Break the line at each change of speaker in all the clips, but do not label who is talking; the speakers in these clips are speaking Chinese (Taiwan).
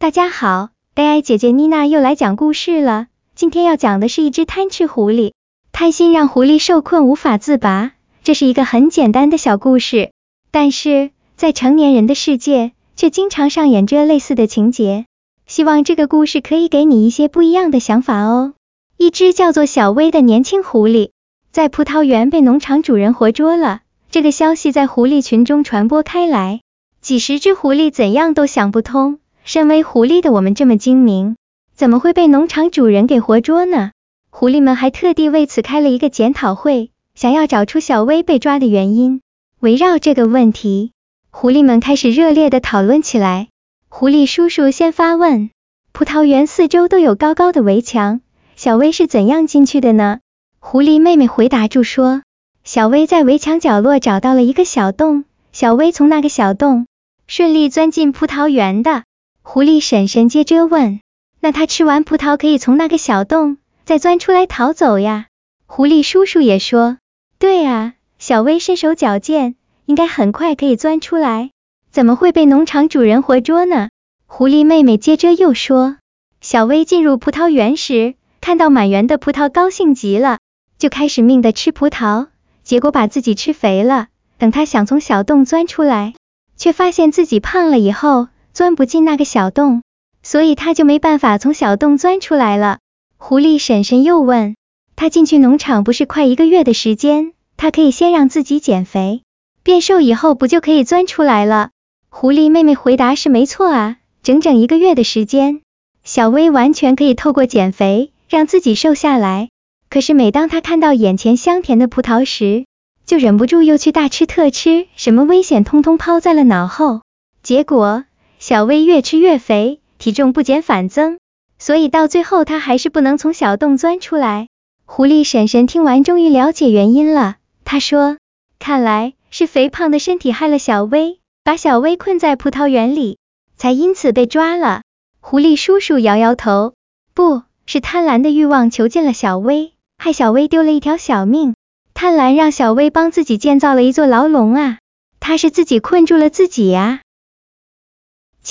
大家好，AI 姐姐妮娜又來講故事了。今天要講的是一只貪吃狐狸，貪心讓狐狸受困無法自拔。這是一個很簡單的小故事，但是在成年人的世界，卻經常上演着類似的情節。希望這個故事可以給你一些不一樣的想法哦。一只叫做小薇的年輕狐狸，在葡萄園被農場主人活捉了。這個消息在狐狸群中傳播開來，幾十只狐狸怎樣都想不通。身為狐狸的我們這麼精明，怎麼會被農場主人給活捉呢？狐狸們還特地為此開了一個檢討會，想要找出小薇被抓的原因。圍繞這個問題，狐狸們開始熱烈的討論起來。狐狸叔叔先發問：葡萄園四周都有高高的圍牆，小薇是怎樣進去的呢？狐狸妹妹回答著說：小薇在圍牆角落找到了一個小洞，小薇從那個小洞順利鑽進葡萄園的。狐狸嬸嬸接着問：“那他吃完葡萄可以從那個小洞再鑽出來逃走呀？”狐狸叔叔也說：“對啊，小薇身手矯健，應該很快可以鑽出來，怎麼會被農場主人活捉呢？”狐狸妹妹接着又說：“小薇進入葡萄園時，看到滿園的葡萄高興極了，就開始命的吃葡萄，結果把自己吃肥了。等他想從小洞鑽出來，卻發現自己胖了以後。”鑽不進那個小洞，所以他就沒辦法從小洞鑽出來了。狐狸嬸嬸又問，他進去農場不是快一個月的時間，他可以先讓自己減肥，變瘦以後不就可以鑽出來了？狐狸妹妹回答是沒錯啊，整整一個月的時間，小薇完全可以透過減肥讓自己瘦下來。可是每當她看到眼前香甜的葡萄時，就忍不住又去大吃特吃，什麼危險通通拋在了腦後，結果，小薇越吃越肥，體重不減反增，所以到最後她還是不能從小洞鑽出來。狐狸嬸嬸聽完終於了解原因了，她說：“看來是肥胖的身體害了小薇，把小薇困在葡萄園裡，才因此被抓了。”狐狸叔叔搖搖頭：“不是貪婪的慾望囚禁了小薇，害小薇丟了一條小命。貪婪讓小薇幫自己建造了一座牢籠啊，她是自己困住了自己呀、啊。”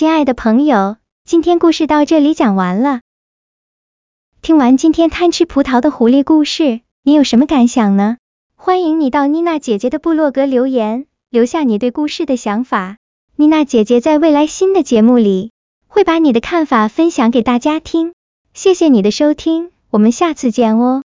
親愛的朋友，今天故事到這裡講完了。聽完今天貪吃葡萄的狐狸故事，你有什麼感想呢？歡迎你到妮娜姐姐的部落格留言，留下你對故事的想法。妮娜姐姐在未來新的節目裡，會把你的看法分享給大家聽。謝謝你的收聽，我們下次見哦。